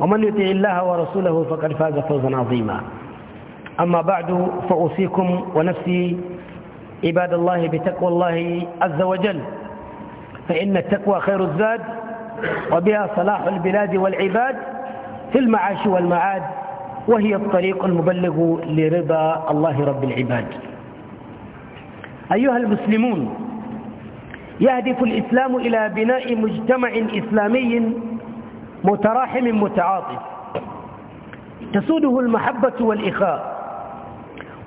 ومن يطع الله ورسوله فقد فاز فوزا عظيما أما بعد فأوصيكم ونفسي عباد الله بتقوى الله عز وجل فإن التقوى خير الزاد وبها صلاح البلاد والعباد في المعاش والمعاد وهي الطريق المبلغ لرضا الله رب العباد أيها المسلمون يهدف الإسلام إلى بناء مجتمع إسلامي متراحم متعاطف تسوده المحبة والإخاء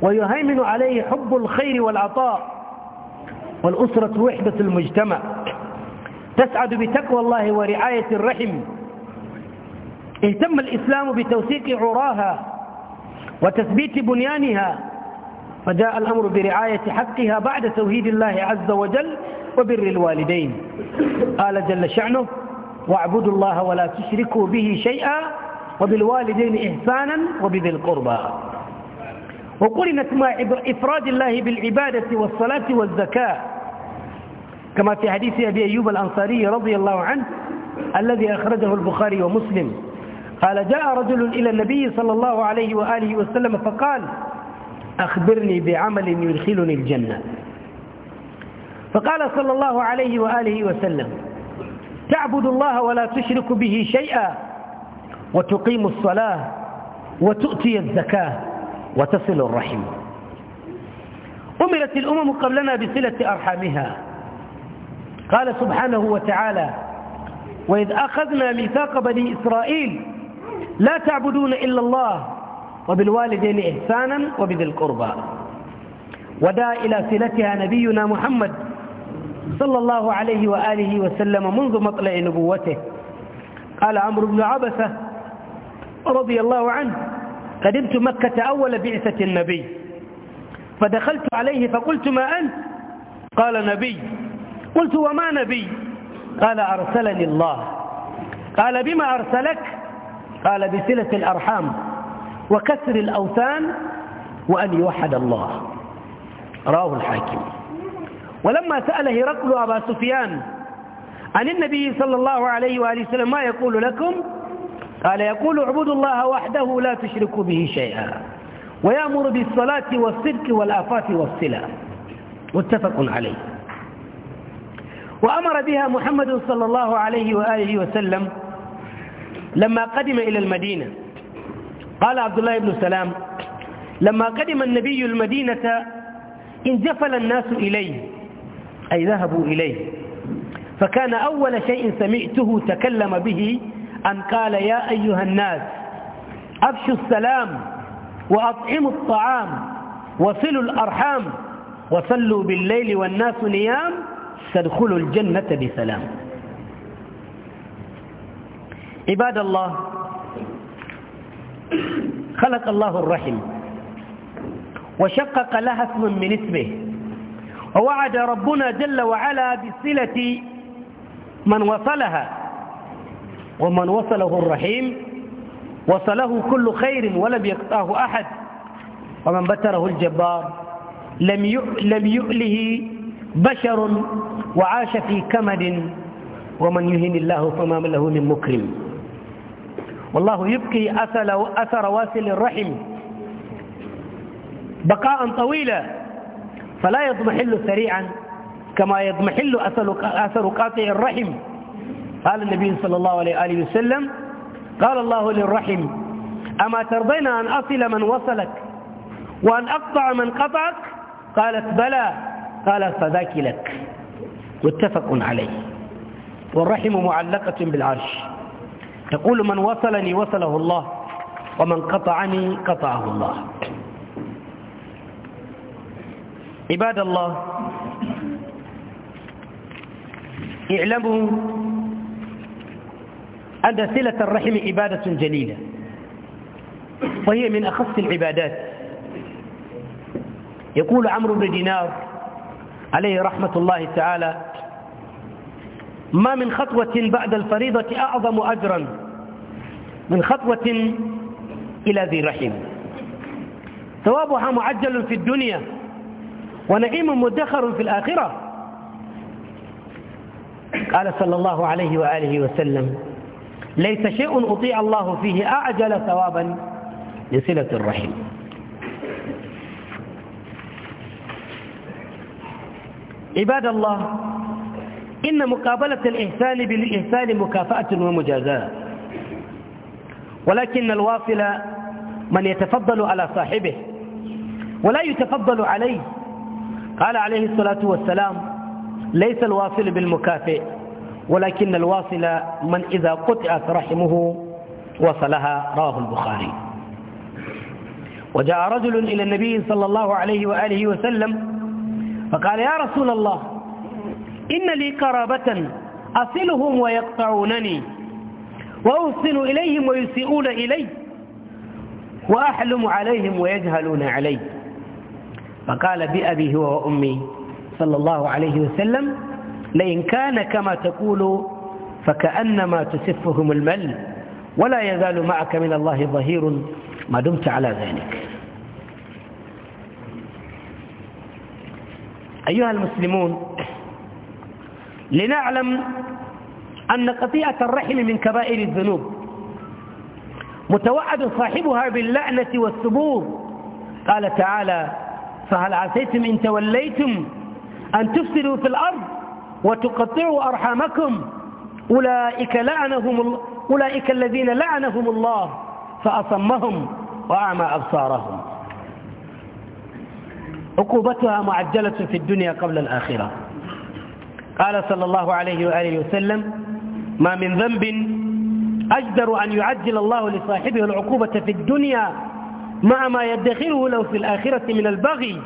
ويهيمن عليه حب الخير والعطاء والأسرة وحدة المجتمع تسعد بتقوى الله ورعاية الرحم اهتم الإسلام بتوثيق عراها وتثبيت بنيانها فجاء الأمر برعاية حقها بعد توحيد الله عز وجل وبر الوالدين قال جل شعنه واعبدوا الله ولا تشركوا به شيئا وبالوالدين إحسانا وبذي القربى وقرنت مع إفراد الله بالعبادة والصلاة والزكاة كما في حديث أبي أيوب الأنصاري رضي الله عنه الذي أخرجه البخاري ومسلم قال جاء رجل إلى النبي صلى الله عليه وآله وسلم فقال أخبرني بعمل يدخلني الجنة فقال صلى الله عليه وآله وسلم تعبد الله ولا تشرك به شيئا وتقيم الصلاة وتؤتي الزكاة وتصل الرحم أمرت الأمم قبلنا بصلة أرحامها قال سبحانه وتعالى وإذ أخذنا ميثاق بني إسرائيل لا تعبدون إلا الله وبالوالدين إحسانا وبذي القربى ودعا إلى صلتها نبينا محمد صلى الله عليه وآله وسلم منذ مطلع نبوته قال عمرو بن عبسة رضي الله عنه قدمت مكة أول بعثة النبي فدخلت عليه فقلت ما أنت قال نبي قلت وما نبي قال أرسلني الله قال بما أرسلك قال بصلة الأرحام وكسر الأوثان وأن يوحد الله راه الحاكم ولما سأل هرقل أبا سفيان عن النبي صلى الله عليه وآله وسلم ما يقول لكم قال يقول اعبدوا الله وحده لا تشركوا به شيئا ويأمر بالصلاة والصدق والآفات والصلة متفق عليه وأمر بها محمد صلى الله عليه وآله وسلم لما قدم إلى المدينة قال عبد الله بن سلام لما قدم النبي المدينة انجفل الناس إليه أي ذهبوا إليه فكان أول شيء سمعته تكلم به أن قال يا أيها الناس أفشوا السلام وأطعموا الطعام وصلوا الأرحام وصلوا بالليل والناس نيام تدخلوا الجنة بسلام عباد الله خلق الله الرحم وشقق لها اسم من اسمه ووعد ربنا جل وعلا بصلة من وصلها ومن وصله الرحيم وصله كل خير ولم يقطعه أحد ومن بتره الجبار لم لم يؤله بشر وعاش في كمد ومن يهن الله فما له من مكرم والله يبقي أثر واسل الرحم بقاء طويلا فلا يضمحل سريعا كما يضمحل أثر قاطع الرحم قال النبي صلى الله عليه وآله وسلم قال الله للرحم أما ترضين أن أصل من وصلك وأن أقطع من قطعك قالت بلى قال فذاك لك متفق عليه والرحم معلقة بالعرش يقول من وصلني وصله الله ومن قطعني قطعه الله عباد الله اعلموا أن صلة الرحم عبادة جليلة وهي من أخص العبادات يقول عمرو بن دينار عليه رحمة الله تعالى ما من خطوة بعد الفريضة أعظم أجرا من خطوة إلى ذي رحم ثوابها معجل في الدنيا ونعيم مدخر في الآخرة قال صلى الله عليه وآله وسلم ليس شيء أطيع الله فيه أعجل ثوابا لصلة الرحم عباد الله إن مقابلة الإحسان بالإحسان مكافأة ومجازاة ولكن الواصل من يتفضل على صاحبه ولا يتفضل عليه قال عليه الصلاة والسلام ليس الواصل بالمكافئ ولكن الواصل من إذا قطعت رحمه وصلها رواه البخاري وجاء رجل إلى النبي صلى الله عليه وآله وسلم فقال يا رسول الله إن لي قرابة أصلهم ويقطعونني وأوصل إليهم ويسيئون إلي وأحلم عليهم ويجهلون علي فقال بأبي هو وأمي صلى الله عليه وسلم لئن كان كما تقول فكأنما تسفهم المل ولا يزال معك من الله ظهير ما دمت على ذلك أيها المسلمون لنعلم أن قطيعة الرحم من كبائر الذنوب متوعد صاحبها باللعنة والثبور قال تعالى فهل عسيتم إن توليتم أن تفسدوا في الأرض وتقطعوا أرحامكم أولئك, لعنهم أولئك الذين لعنهم الله فأصمهم وأعمى أبصارهم عقوبتها معجلة في الدنيا قبل الآخرة قال صلى الله عليه وآله وسلم ما من ذنب أجدر أن يعجل الله لصاحبه العقوبة في الدنيا مع ما يدخره له في الآخرة من البغي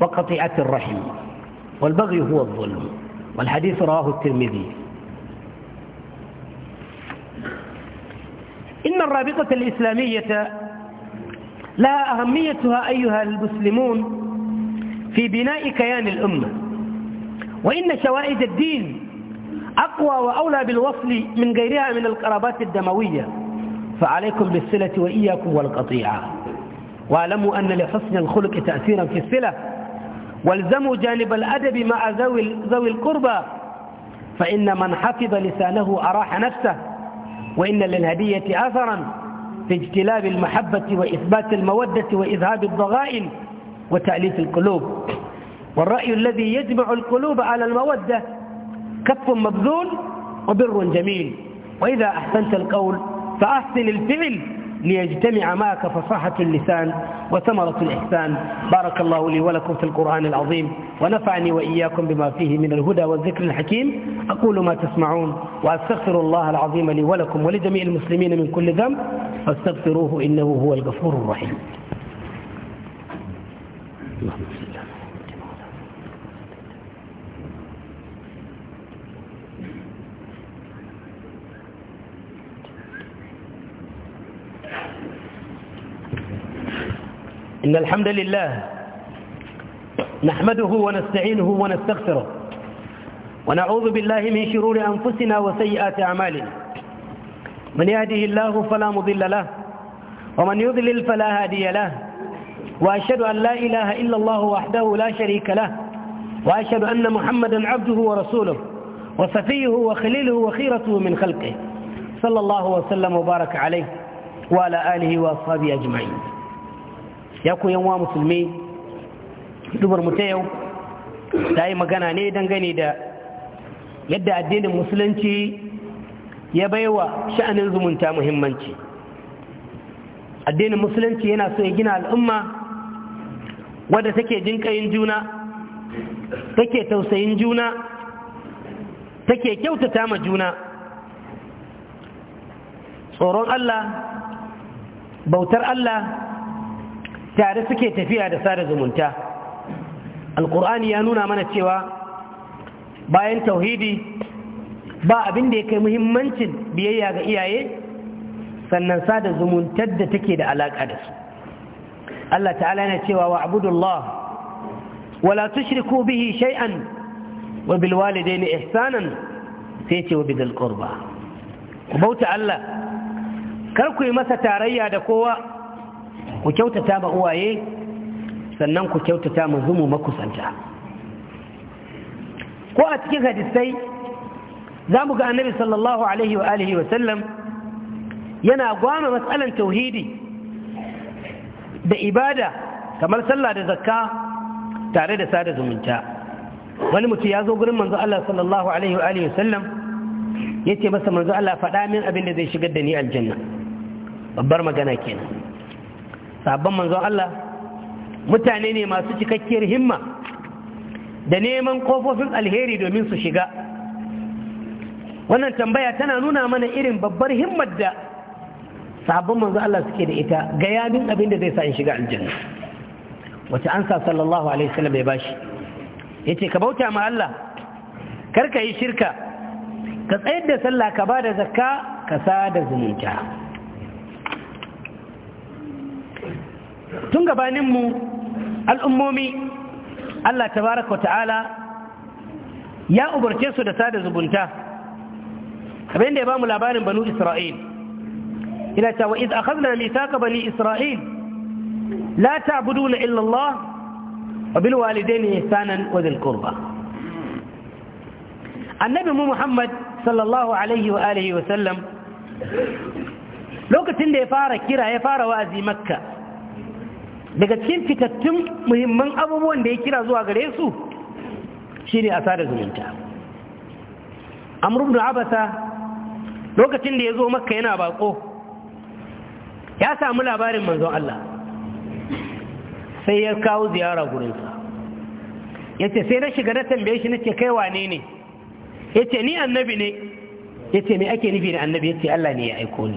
وقطيعة الرحم والبغي هو الظلم والحديث رواه الترمذي إن الرابطة الإسلامية لها أهميتها أيها المسلمون في بناء كيان الأمة وإن شوائد الدين أقوى وأولى بالوصل من غيرها من القرابات الدموية فعليكم بالصلة وإياكم والقطيعة واعلموا أن لحسن الخلق تأثيرا في الصلة والزموا جانب الأدب مع ذوي ذوي القربى فإن من حفظ لسانه أراح نفسه وإن للهدية أثرا في اجتلاب المحبة وإثبات المودة وإذهاب الضغائن وتأليف القلوب والرأي الذي يجمع القلوب على المودة كف مبذول وبر جميل وإذا أحسنت القول فأحسن الفعل ليجتمع معك فصاحة اللسان وثمرة الإحسان بارك الله لي ولكم في القرآن العظيم ونفعني وإياكم بما فيه من الهدى والذكر الحكيم أقول ما تسمعون وأستغفر الله العظيم لي ولكم ولجميع المسلمين من كل ذنب فاستغفروه إنه هو الغفور الرحيم إن الحمد لله نحمده ونستعينه ونستغفره ونعوذ بالله من شرور أنفسنا وسيئات أعمالنا من يهده الله فلا مضل له ومن يضلل فلا هادي له وأشهد أن لا إله إلا الله وحده لا شريك له وأشهد أن محمدا عبده ورسوله وصفيه وخليله وخيرته من خلقه صلى الله وسلم وبارك عليه وعلى آله وأصحابه أجمعين ya ku yanwa musulmi dubar mu ta yau ta yi magana ne dangane da yadda addinin musulunci ya baiwa sha'anin zumunta muhimmanci addinin musulunci yana so ya gina al'umma wadda take jinkayin juna take tausayin juna take kyautata ma juna tsoron Allah bautar Allah tare suke tafiya da sada zumunta alkur'ani ya nuna mana cewa bayan tauhidi ba abin da ya kai muhimmancin biyayya ga iyaye sannan sada zumuntar da take da alaƙa da su Allah ta'ala yana cewa wa abudullah wala tushriku bihi shai'an, wa bil walidaini ihsanan sai ce wa bidil qurba ku bauta Allah kar ku yi masa tarayya da kowa ku kyautata ba uwaye sannan ku kyautata ma zumu makusanta ko a cikin hadisai za mu ga annabi sallallahu alaihi wa alihi wa sallam yana gwama matsalan tauhidi da ibada kamar sallah da zakka tare da sada zumunta wani mutum ya zo gurin manzo Allah sallallahu alaihi wa alihi wa sallam yace masa manzo Allah faɗa min abin da zai shigar da ni aljanna babbar magana kenan sabon manzon Allah mutane ne masu cikakkiyar himma da neman kofofin alheri domin su shiga wannan tambaya tana nuna mana irin babbar himmar da sabon manzon Allah suke da ita ga yamin abin da zai sa in shiga aljanna wace ansa sallallahu alaihi wasallam ya bashi yace ka bauta ma Allah karka yi shirka ka tsayar da sallah ka ba da zakka ka sada zumunta tun gabaninmu al'ummomi Allah tabaraka wa ta'ala ya ubarce su da sada zubunta abin da ya ba mu labarin banu isra'il ina ta wa'iz a kazna mitaka bani isra'il la ta budu na illallah wa bilwalidai ne sanan wajen kurba annabi mu muhammad sallallahu alaihi wa alihi wasallam lokacin da ya fara kira ya fara wa'azi makka daga cikin fitattun muhimman abubuwan da ya kira zuwa gare su shi ne a sada zumunta amurubu abasa lokacin da ya zo makka yana bako ya samu labarin manzon Allah sai ya kawo ziyara gurinsa ya ce sai na shiga na tambaye shi na ce kai wane ne ya ce ni annabi ne ya ce me ake nufi da annabi ya ce Allah ne ya aiko ni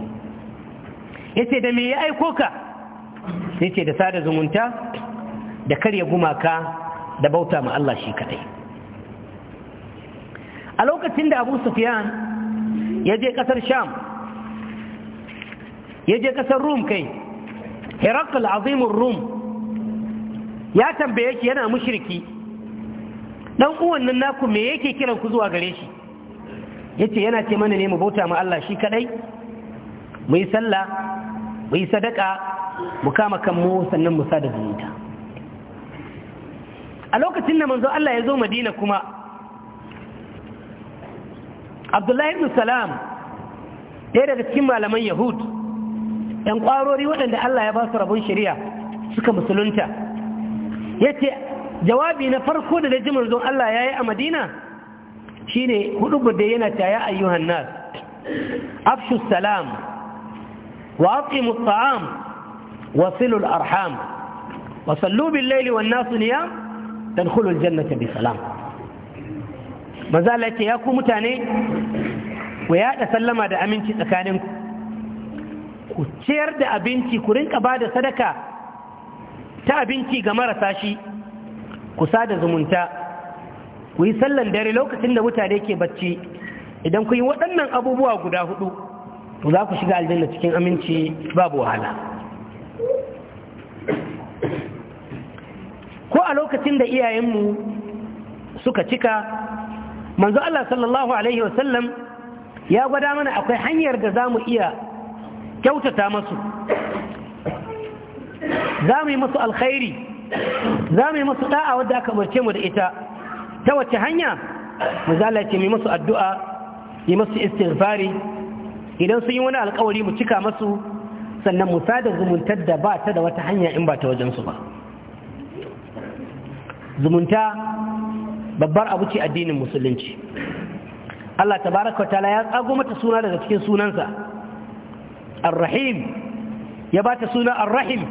ya ce da me ya aiko ka ce da sada zumunta da karya gumaka da bauta ma Allah shi kadai a lokacin da Abu Sufyan ya je kasar Sham ya je kasar Rum kai Herakl azimur Rum ya tambaye shi yana mushriki dan uwan nan naku me yake kiran ku zuwa gare shi yace yana ce mana ne mu bauta ma Allah shi kadai mu yi sallah mu yi sadaka mu kama kanmu sannan mu sada zumunta a lokacin da manzo Allah ya zo madina kuma abdullahi ibn salam ɗaya daga cikin malaman yahud ‘yan ƙwarori waɗanda Allah ya ba su rabon shari'a suka musulunta ya ce jawabi na farko da da ji manzon Allah ya yi a madina shi ne hudu da yana ta ya ayyuhan nas afshu salam wa aqimu ta'am wasilul arham wa sallu bil laili wan nasu niyam tadkhulul jannata ya ku mutane ku yaɗa sallama da aminci tsakanin ku ciyar da abinci ku rinka bada sadaka ta abinci ga marasa shi ku sada zumunta ku yi sallan dare lokacin da mutane ke bacci idan ku yi waɗannan abubuwa guda hudu to za ku shiga aljanna cikin aminci babu wahala ko a lokacin da iyayenmu suka cika manzo Allah sallallahu alaihi wasallam ya gwada mana akwai hanyar da za mu iya kyautata masu za mu yi masu alkhairi za mu yi masu da'a wadda aka barce mu da ita ta wace hanya mu zalace mu yi masu addu'a yi masu istighfari idan sun yi wani alkawari mu cika masu sannan mu sada zumuntar da ba ta da wata hanya in ba ta wajensu ba zumunta babbar abu ce addinin musulunci Allah tabaraka wataala ya tsago mata suna daga cikin sunansa ar-rahim ya ta suna ar-rahim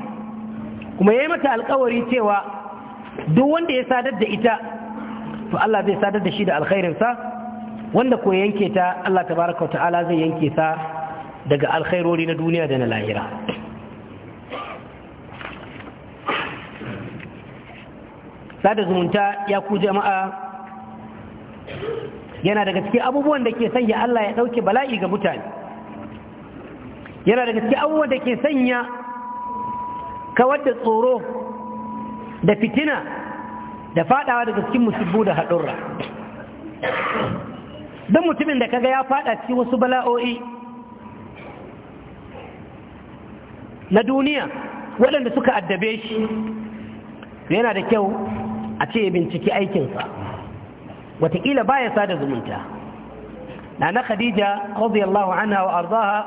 kuma yi mata alkawari cewa duk wanda ya sadar da ita to Allah zai sadar da shi da alkhairinsa wanda ko yanke ta Allah tabaraka wataala zai yanke sa daga alkhairori na duniya da na lahira sada zumunta ya ku jama'a yana daga cikin abubuwan da ke sanya Allah ya dauke bala'i ga mutane yana daga cikin abubuwan da ke sanya kawar da tsoro da fitina da fadawa daga cikin musibbu da hadurra don mutumin da kaga ya fada cikin wasu bala'o'i na duniya waɗanda suka addabe shi yana da kyau a ce ya binciki aikinsa wataƙila ba ya sada zumunta na na khadija Allah anha wa arzaha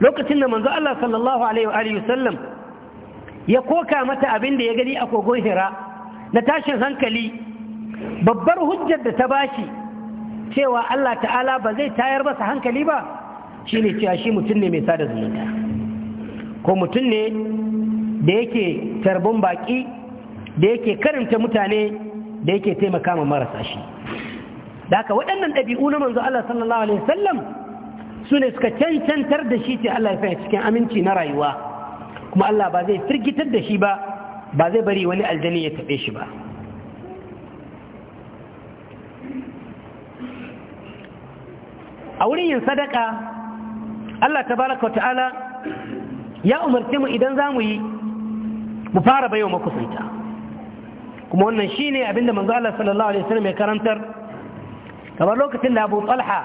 lokacin da manzo Allah sallallahu alaihi wa sallam ya koka mata abin da ya gani a kogon hira na tashin hankali babbar hujjar da ta bashi cewa Allah ta'ala ba zai tayar basa hankali ba Shi ne cewa shi mutum ne mai sada zumunta ko mutum ne da yake tarbin baƙi. da yake karanta mutane da yake taimaka ma marasa shi da haka waɗannan ɗabi'u na manzo Allah sallallahu alaihi wasallam su ne suka cancantar da shi ce Allah ya fahimci cikin aminci na rayuwa kuma Allah ba zai firgitar da shi ba ba zai bari wani aljani ya taɓe shi ba a wurin yin sadaka Allah tabaraka ta'ala ya umarce mu idan za mu yi mu fara baiwa makusanta kuma wannan ne abinda manzo Allah sallallahu alaihi wasallam ya karantar kamar lokacin da Abu Talha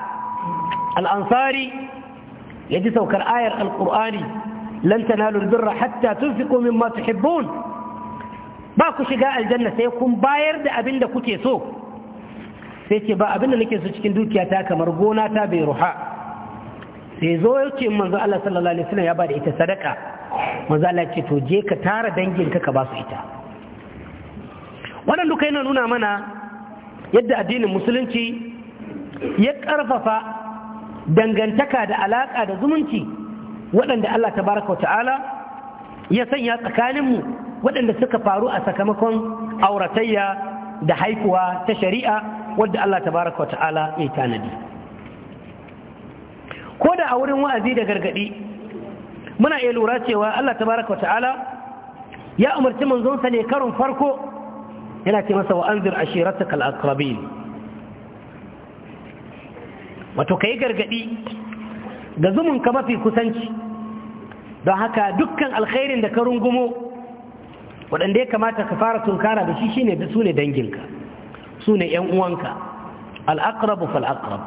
al-Ansari ya ji saukar ayar al-Qur'ani lan tanalu al tun hatta komin masu tuhibbun ba ku shiga aljanna sai kun bayar da abinda kuke so sai ce ba abinda nake so cikin dukiyata kamar gona ta bai ruha sai zo ya ce manzo Allah sallallahu alaihi wasallam ya ba da ita sadaka manzo Allah ce to je ka tara danginka ka ba su ita wannan duka yana nuna mana yadda addinin musulunci ya ƙarfafa dangantaka da alaƙa da zumunci waɗanda Allah wa ta'ala ya sanya tsakaninmu waɗanda suka faru a sakamakon auratayya da haikuwa ta shari'a wadda Allah wa ta'ala ya tanadi ko da a wurin wa'azi da gargaɗi muna iya lura cewa Allah wa ta'ala ya umarci manzonsa ne karon farko yana ce masa wa anzir ashiratak al-aqrabin wato kai gargadi ga zumun mafi kusanci don haka dukkan alkhairin da ka rungumo waɗanda ya kamata ka fara tunkara da shi shine da su ne danginka su ne ‘yan uwanka al'akrabu fal'akrab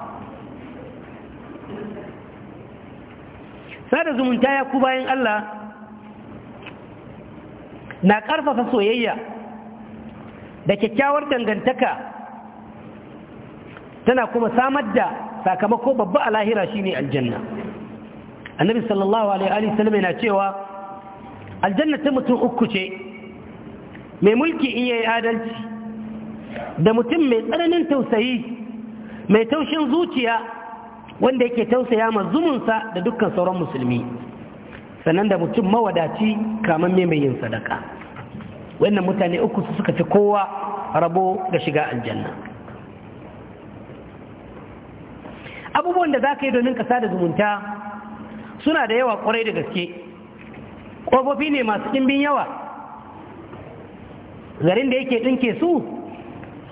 sada zumunta ya ku bayan Allah na karfafa soyayya da kyakkyawar dangantaka tana kuma samar da sakamako babba a lahira ne aljanna annabi sallallahu alaihi wa sallam yana cewa aljanna ta mutum uku ce mai mulki in yayi adalci da mutum mai tsananin tausayi mai taushin zuciya wanda yake tausaya ma zumunsa da dukkan sauran musulmi sannan da mutum mawadaci kamar mai yin sadaka wannan mutane uku su suka fi kowa rabo da shiga aljanna abubuwan da za ka yi domin kasa da zumunta suna da yawa kwarai da gaske ƙofofi ne masu ɗimbin yawa garin da yake ɗinke su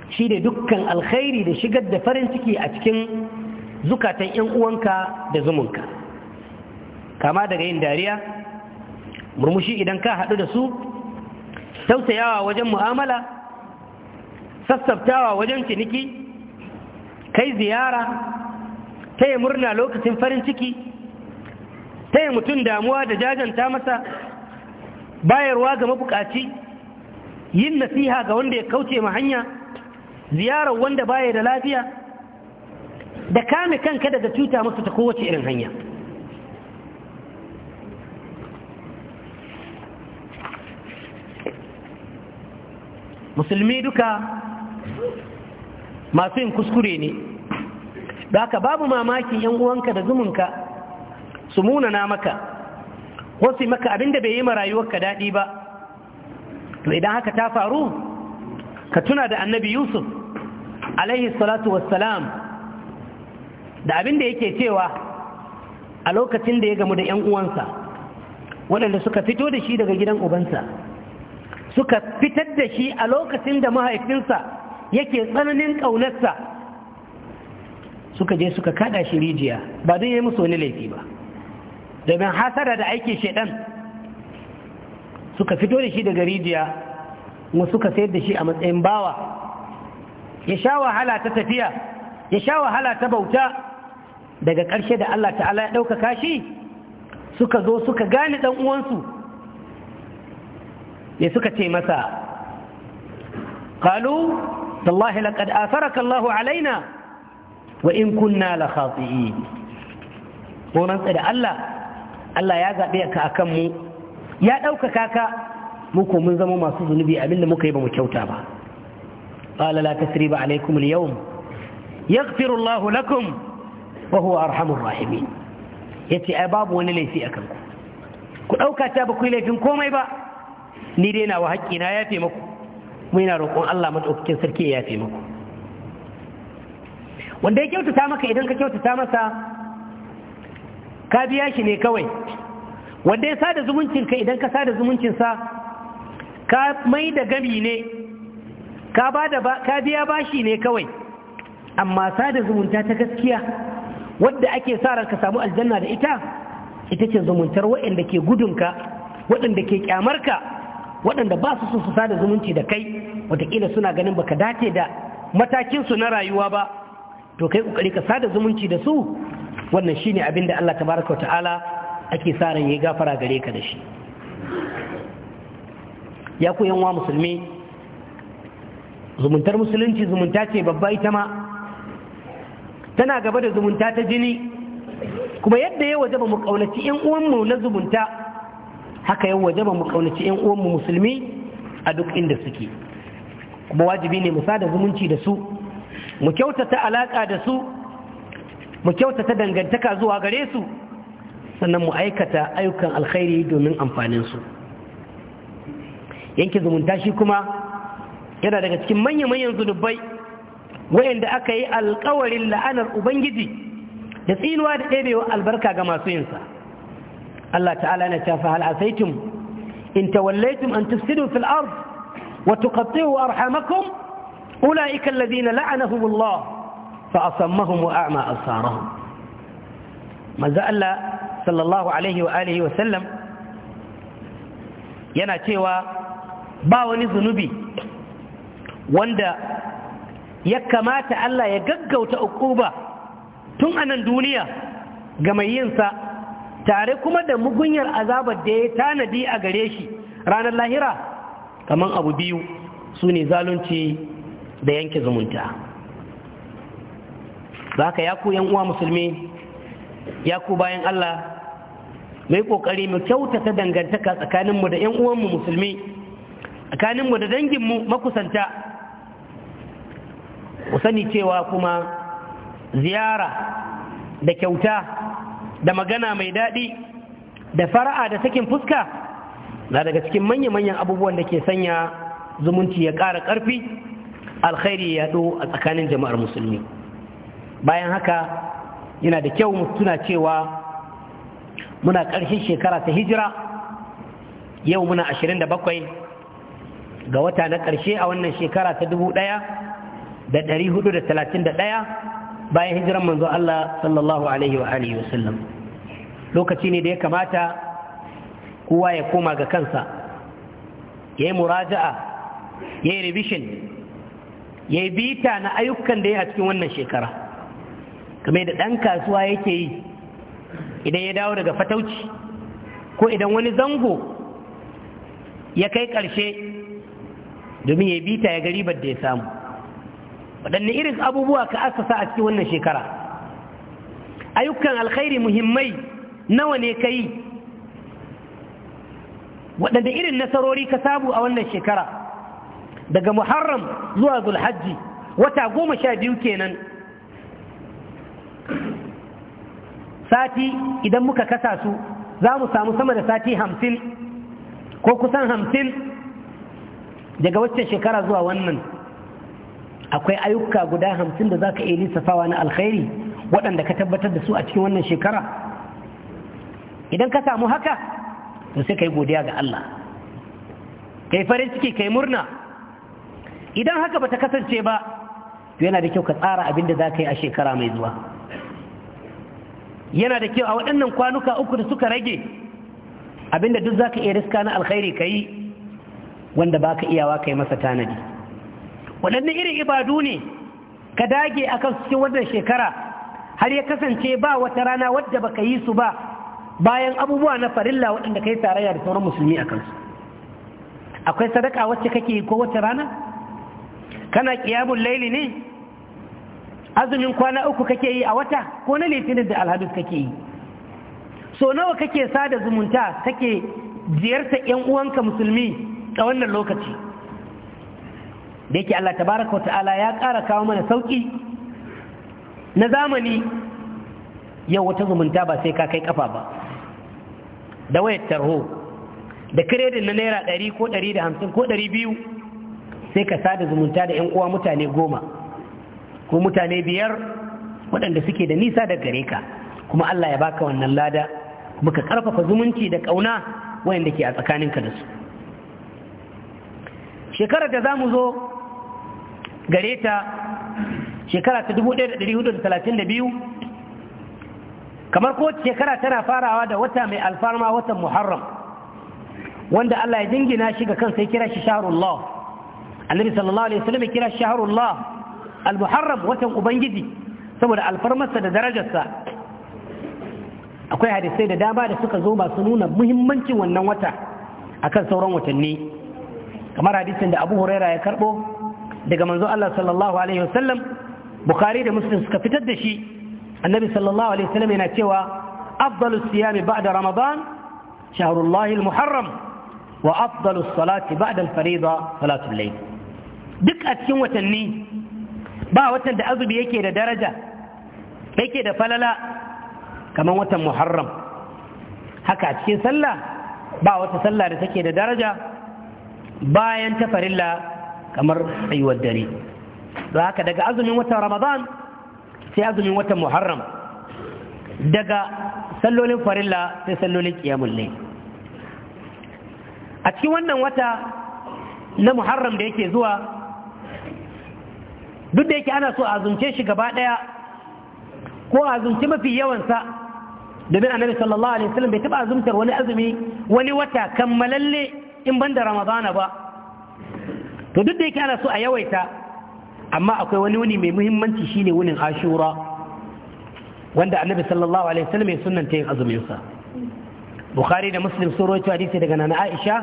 shi ne dukkan alkhairi da shigar da farin ciki a cikin zukatan 'yan uwanka da zumunka kama daga yin dariya murmushi idan ka haɗu da su tausayawa wajen mu'amala sassaftawa wajen ciniki kai ziyara taya murna lokacin farin ciki taya mutum damuwa da jajanta masa bayarwa ga mabukaci yin nasiha ga wanda ya kauce ma hanya ziyarar wanda baya da lafiya da kame kanka daga cuta masu ta kowace irin hanya musulmi duka masu yin kuskure ne da aka babu mamaki yan uwanka da zumunka su munana maka wasu maka abinda bai yi ma rayuwarka daɗi ba to idan haka ta faru ka tuna da annabi yusuf alaihi salatu wassalam da abinda yake cewa a lokacin da ya gamu da 'yan uwansa waɗanda suka fito da shi daga gidan ubansa suka fitar da shi a lokacin da mahaifinsa yake tsananin ƙaunarsa suka je suka kada shi rijiya ba don yi musu wani laifi ba domin hasara da aiki shaidan suka fito da shi daga rijiya kuma suka sayar da shi a matsayin bawa ya sha wahala ta tafiya ya sha wahala ta bauta daga ƙarshe da Allah ta'ala ya ɗaukaka shi suka zo suka gane ɗan uwansu me suka ce masa qalu tallahi laqad asaraka Allahu alaina wa in kunna la khati'in ko da Allah Allah ya zabe ka akan mu ya ɗaukaka ka mu ko mun zama masu zunubi abinda muka yi ba mu kyauta ba qala la tasriba alaykum al-yawm yaghfiru Allahu lakum wa huwa arhamur rahimin yace ai babu wani laifi akan ku ku ɗauka ta ba ku yi laifin komai ba ni dai na wa haƙƙi na yafe muku muna roƙon Allah madaukakin sarki ya yafe muku wanda ya kyautata maka idan ka kyautata masa ka biya shi ne kawai wanda ya sada zumuncin ka idan ka sada zumuncin sa ka mai da gami ne ka ba da ka biya bashi ne kawai amma sada zumunta ta gaskiya wadda ake sa ranka ka samu aljanna da ita ita ce zumuntar waɗanda ke gudunka waɗanda ke kyamarka waɗanda ba su su sada zumunci da kai watakila suna ganin baka dace da matakinsu na rayuwa ba to kai kokari ka sada zumunci da su wannan ne abin da Allah tabaraka ta'ala ake sa ran ya gafara gare ka da shi ya ku yanwa musulmi zumuntar musulunci zumunta ce babba ita ma tana gaba da zumunta ta jini kuma yadda ya waje ba mu kaunaci yan uwanmu na zumunta haka yau waje ba mu kaunaci yan uwanmu musulmi a duk inda suke kuma wajibi ne mu sada zumunci da su mu kyautata alaƙa da su mu kyautata dangantaka zuwa gare su sannan mu aikata ayyukan alkhairi domin amfanin su yanke zumunta shi kuma yana daga cikin manya-manyan zunubai wayanda aka yi alkawarin la'anar ubangiji da tsinuwa da ɗebewa albarka ga masu yinsa Allah ta'ala na ta fa asaitum in tawallaitum an tufsidu fil ard wa tuqatti'u arhamakum أولئك الذين لعنهم الله فأصمهم وأعمى Maza Allah sallallahu صلى wa عليه wa sallam yana cewa ba wani zunubi wanda ya kamata Allah ya gaggauta ukuba tun anan duniya ga mai yinsa tare kuma da mugunyar azabar da ya tanadi a gare shi ranar lahira kamar abu biyu su ne zalunci da yanke zumunta za ka yaku uwa musulmi yaku bayan Allah mai kokari mu kyautata dangantaka tsakaninmu da yan uwanmu musulmi tsakaninmu da danginmu makusanta ku sani cewa kuma ziyara da kyauta da magana mai daɗi da fara'a da sakin fuska na daga cikin manya-manyan abubuwan da ke sanya zumunci ya ƙara ƙarfi alkhairi ya yaɗo a tsakanin jama'ar musulmi bayan haka yana da kyau tuna cewa muna ƙarshen shekara ta hijira yau muna bakwai ga wata na ƙarshe a wannan shekara ta ɗaya. bayan hijiran manzo Allah sallallahu alaihi wa alihi wasallam lokaci ne da ya kamata kowa ya koma ga kansa ya yi muraja'a ya yi revision ya yi bita na ayyukan da ya a cikin wannan shekara kame da ɗan kasuwa yake yi idan ya dawo daga fatauci ko idan wani zango ya kai ƙarshe domin ya yi bita ya ga ribar da ya samu waɗanne irin abubuwa ka asasa a cikin wannan shekara ayyukan alkhairi muhimmai nawa ne ka yi waɗanda irin nasarori ka sabu a wannan shekara daga muharram zuwa zulhajji wata goma sha biyu kenan sati idan muka kasa su za mu samu sama da sati hamsin ko kusan hamsin daga waccan shekara zuwa wannan akwai ayyuka guda hamsin da za ka iya lissafawa na alkhairi waɗanda ka tabbatar da su a cikin wannan shekara idan ka samu haka to sai ka yi godiya ga Allah ka yi farin ciki ka yi murna idan haka ba ta kasance ba to yana da kyau ka tsara abin da za ka yi a shekara mai zuwa yana da kyau a waɗannan kwanuka uku da suka rage abin da duk za ka iya riska na alkhairi ka yi wanda ba ka iyawa ka yi masa tanadi waɗanne irin ibadu ne ka dage a kan cikin wannan shekara har ya kasance ba wata rana wadda ba ka yi su ba bayan abubuwa na farilla waɗanda ka yi tarayya da sauran musulmi a kansu akwai sadaka wacce kake yi ko wata rana kana ƙiyamun laili ne azumin kwana uku kake yi a wata ko na litinin da alhadu kake yi so nawa kake sada zumunta kake ziyarta 'yan uwanka musulmi a wannan lokaci da yake Allah tabaraka wata'ala ya ƙara kawo mana sauƙi na zamani yau wata zumunta ba sai ka kai kafa ba da wayar tarho da kiredin na naira 100 ko 150 ko 200 sai ka sada zumunta da 'yan uwa mutane goma ko mutane biyar waɗanda suke da nisa da gare ka kuma Allah ya baka wannan lada ka ƙarfafa zumunci da ƙauna wayanda ke a tsakaninka da su shekarar da za mu zo gare ta shekara ta 1432 kamar ko shekara tana farawa da wata mai alfarma watan muharram wanda Allah ya jingina shi ga kansa ya kira shi shahrullah annabi sallallahu alaihi wasallam ya kira shi shahrullah al-muharram watan ubangiji saboda alfarmarsa da darajarsa akwai hadisai da dama da suka zo masu nuna muhimmancin wannan wata akan sauran watanni kamar hadisin da Abu Huraira ya karbo daga manzo Allah sallallahu alaihi wasallam bukhari da muslim suka fitar da shi annabi sallallahu alaihi wasallam yana cewa afdalu siyami ba'da ramadan shahrullahi almuharram wa afdalu salati ba'da alfarida salatu al-layl duk a cikin watanni ba watan da azubi yake da daraja yake da falala kamar watan muharram haka a cikin sallah ba wata sallah da take da daraja bayan ta farilla kamar tsayuwar dare don haka daga azumin watan ramadan sai azumin watan muharram daga sallolin farilla sai sallolin kiyamun a cikin wannan wata na muharram da yake zuwa duk da yake ana so a azumce shi gaba daya ko a azumci mafi yawansa domin annabi sallallahu alaihi wasallam bai taba azumtar wani azumi wani wata kammalalle in ban da ramadana ba to duk da yake ana so a yawaita amma akwai wani wuni mai muhimmanci shine wunin ashura wanda annabi sallallahu alaihi wasallam ya sunnanta yin azumin sa bukhari da muslim sun rawaito hadisi daga nana aisha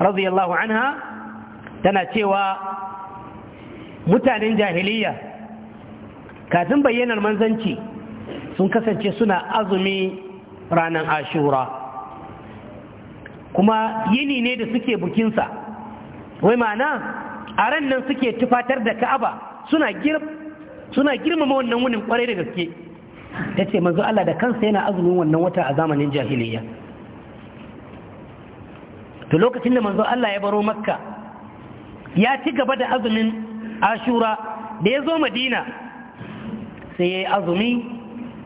radiyallahu anha tana cewa mutanen jahiliya kafin bayyanar manzanci sun kasance suna azumi ranar ashura kuma yini ne da suke bukinsa wai ma'ana a ran nan suke tufatar da ka'aba suna suna girmama wannan wunin kwarai da gaske ta ce manzo Allah da kansa yana azumin wannan wata a zamanin jahiliya to lokacin da manzo Allah ya baro makka ya ci gaba da azumin ashura da ya zo madina sai ya yi azumi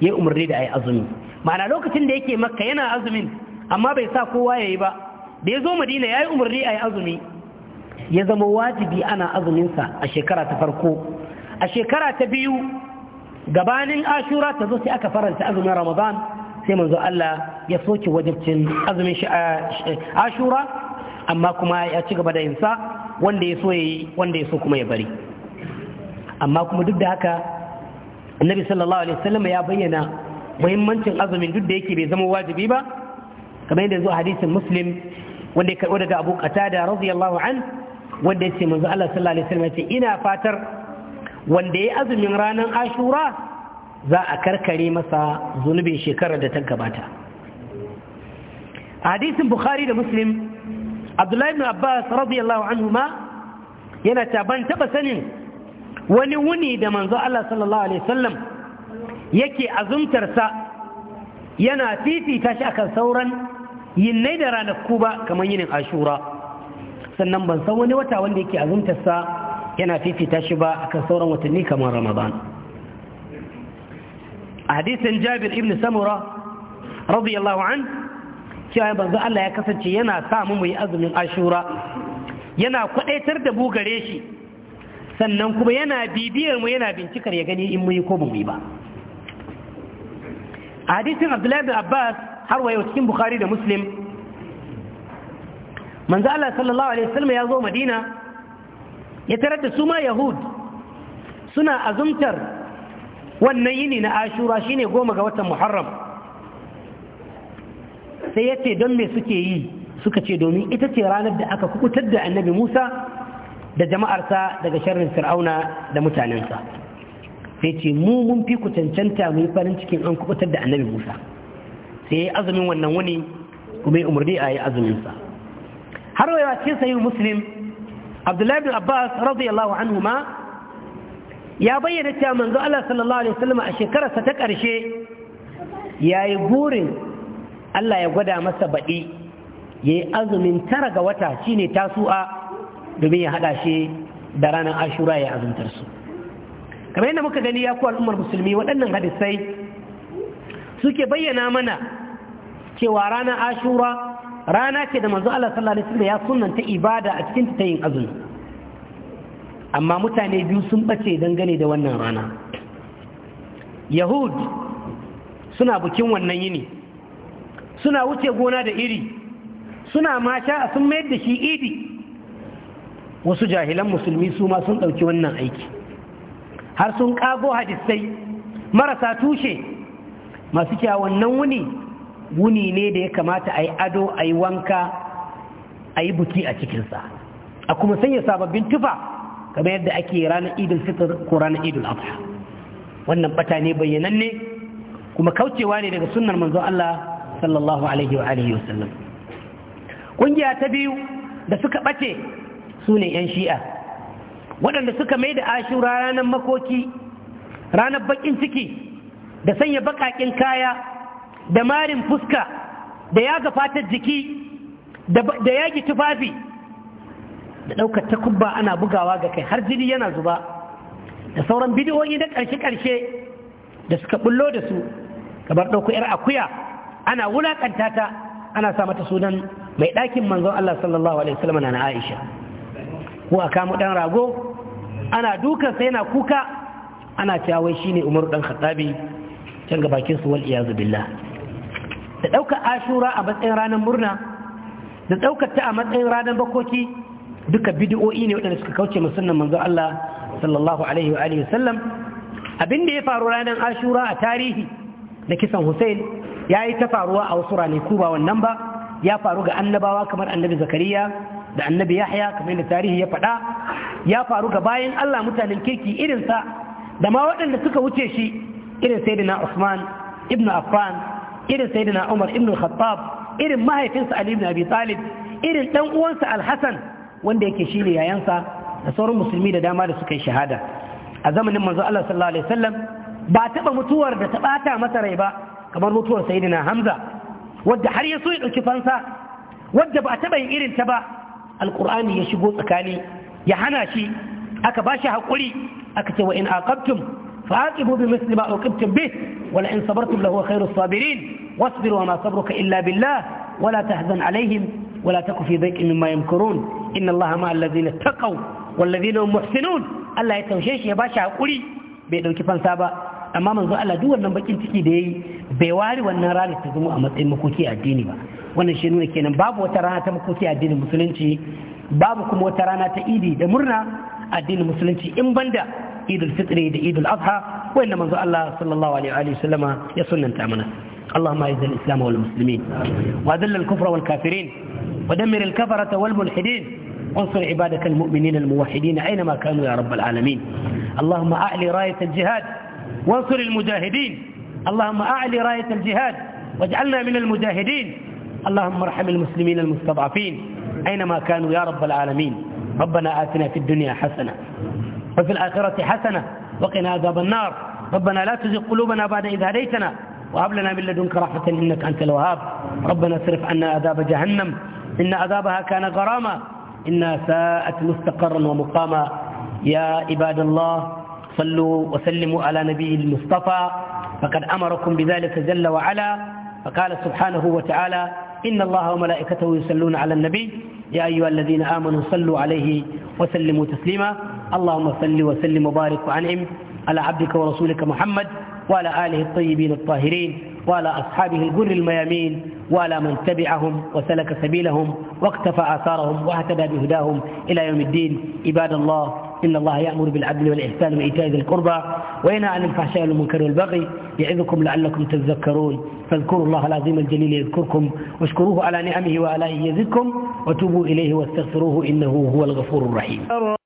ya yi umarni da a yi azumi ma'ana lokacin da yake makka yana azumin amma bai sa kowa ya yi ba da ya zo madina ya yi umarni a yi azumi ya zama wajibi ana azuminsa a shekara ta farko a shekara ta biyu gabanin ashura ta zo sai aka faranta azumin ramadan sai manzo Allah ya soke wajibcin azumin eh, ashura amma kuma ya ci gaba da yinsa wanda ya so yayi wanda ya so kuma ya bari amma kuma duk da haka annabi sallallahu alaihi wasallam ya bayyana muhimmancin azumin duk da yake bai zama wajibi ba kamar yadda zuwa hadisin muslim wanda ya karɓo daga abu qatada radiyallahu an wanda ya ce manzo Allah sallallahu alaihi wasallam ce ina fatar wanda ya azumin ranar ashura za a karkare masa zunubin shekarar da ta gabata hadisin bukhari da muslim abdullahi ibn abbas radiyallahu anhu ma yana ta ban taba sanin wani wuni da manzo Allah sallallahu alaihi wasallam yake azumtarsa yana fifita shi akan sauran yinnai da ranar Kuba kamar yinin ashura sannan ban san wani wata wanda yake azumtarsa yana fifita shi ba kan sauran watanni kamar ramadan a hadisin jabir ibn samura radiyallahu an cewa banzu Allah ya kasance yana sa mu muyi yi azumin ashura yana kwadaitar da bugare shi sannan kuma yana bibiyar mu yana bincikar ya gani in muyi ko mu ba a hadisin abdullahi abbas har wayo cikin bukhari da muslim manzo Allah sallallahu alaihi wasallam ya zo Madina ya tarar da su ma Yahud suna azumtar wannan yini na Ashura shine goma ga watan Muharram sai yace don me suke yi suka ce domin ita ce ranar da aka kukutar da Annabi Musa da jama'arsa daga sharrin Fir'auna da mutanensa sai ce mu mun fi ku cancanta mu farin cikin an kukutar da Annabi Musa sai azumin wannan wani kuma umarni a yi sa har wayewa cikin sayin muslim abdullahi abbas radiyallahu anhu ma ya bayyana cewa manzo Allah sallallahu alaihi wasallam a shekararsa ta ƙarshe yayi burin Allah ya gwada masa baɗi yayi azumin tara ga wata shine tasu'a domin ya hada shi da ranar ashura ya azumtar su kamar yadda muka gani ya ku al'ummar musulmi waɗannan hadisai suke bayyana mana cewa ranar ashura rana ce da manzo Allah sallallahu alaihi wasallam ya sunnanta ibada a cikin ta yin azumi amma mutane biyu sun bace dangane da wannan rana yahud suna bukin wannan yini suna wuce gona da iri suna masha sun mayar da shi idi wasu jahilan musulmi su ma sun ɗauki wannan aiki har sun kago hadisai marasa tushe masu kyawun nan wuni wuni ne da ya kamata a yi ado a yi wanka a yi buki a cikinsa a kuma sanya sababbin tufa kamar yadda ake ranar idul fitar ko ranar idul adha wannan bata ne bayyananne kuma kaucewa ne daga sunnar manzon Allah sallallahu alaihi wa alihi wasallam kungiya ta biyu da suka ɓace su ne yan shi'a waɗanda suka mai da ashura ranar makoki ranar bakin ciki da sanya bakakin kaya da marin fuska da yaga fatar jiki da yagi tufafi da ɗaukar takubba ana bugawa ga kai har jini yana zuba da sauran bidiyoyi na ƙarshe-ƙarshe da suka bullo da su kamar ɗauku 'yar akuya ana wulaƙanta ta ana sa mata sunan mai ɗakin manzon Allah sallallahu Alaihi wasallam na Aisha ko a kamu ɗan rago ana dukan sai yana kuka ana cewa wai shine Umar ɗan Khattabi can ga bakin su wal iyazu billah da ɗaukar ashura a matsayin ranar murna da ɗaukar ta a matsayin ranar bakoki duka bidiyo'i ne waɗanda suka kauce musamman manzo Allah sallallahu alaihi abin da ya faru ranar ashura a tarihi da kisan Hussein ya yi ta faruwa a wasu ranaku ba wannan ba ya faru ga annabawa kamar annabi Zakariya da annabi Yahya kamar da tarihi ya faɗa ya faru ga bayan Allah mutanen kirki irinsa da ma waɗanda suka wuce shi irin saidina Usman ibn Affan irin sayyidina Umar ibn Khattab irin mahaifinsa Ali ibn Abi Talib irin dan uwansa al hassan wanda yake shine yayansa da sauran musulmi da dama da suka yi shahada a zamanin manzo Allah sallallahu alaihi wasallam ba taba mutuwar da ta bata masa rai ba kamar mutuwar sayyidina Hamza wadda har ya so ya dauki fansa wadda ba taba yin irin ta ba alqur'ani ya shigo tsakani ya hana shi aka bashi hakuri aka ce wa in aqabtum fa'aqibu bi misli ma uqibtum bih wa in sabartum lahu khairu sabirin واصبر وما صبرك إلا بالله ولا تحزن عليهم ولا تك في ضيق مما يمكرون إن الله مع الذين اتقوا والذين هم محسنون الله يتوشيش يا باشا أقولي بيدو كيفان سابا أما من ذو الله دول نمبكين تكي دي بيواري والنرار تزمو أمس المكوكي الديني با wannan shi nuna kenan babu wata rana ta makoki addinin musulunci babu kuma wata rana ta idi da murna addinin musulunci in banda idul fitri da idul adha wanda manzo Allah sallallahu alaihi wa sallama ya sunnanta mana اللهم اعز الإسلام والمسلمين وأذل الكفر والكافرين ودمر الكفرة والملحدين وانصر عبادك المؤمنين الموحدين أينما كانوا يا رب العالمين اللهم أعلي راية الجهاد وانصر المجاهدين اللهم أعلي راية الجهاد واجعلنا من المجاهدين اللهم ارحم المسلمين المستضعفين أينما كانوا يا رب العالمين ربنا آتنا في الدنيا حسنة وفي الآخرة حسنة وقنا عذاب النار ربنا لا تزغ قلوبنا بعد إذ هديتنا وهب لنا من لدنك رحمة إنك أنت الوهاب ربنا اصرف عنا عذاب جهنم إن عذابها كان غراما إنها ساءت مستقرا ومقاما يا عباد الله صلوا وسلموا على نبي المصطفى فقد أمركم بذلك جل وعلا فقال سبحانه وتعالى إن الله وملائكته يصلون على النبي يا أيها الذين آمنوا صلوا عليه وسلموا تسليما اللهم صل وسلم وبارك وانعم على عبدك ورسولك محمد وعلى آله الطيبين الطاهرين وعلى أصحابه الجر الميامين وعلى من تبعهم وسلك سبيلهم واقتفى آثارهم واهتدى بهداهم إلى يوم الدين عباد الله إن الله يأمر بالعدل والإحسان وإيتاء ذي القربى وينهى عن الفحشاء والمنكر والبغي يعظكم لعلكم تذكرون فاذكروا الله العظيم الجليل يذكركم واشكروه على نعمه وآلائه يزدكم وتوبوا إليه واستغفروه إنه هو الغفور الرحيم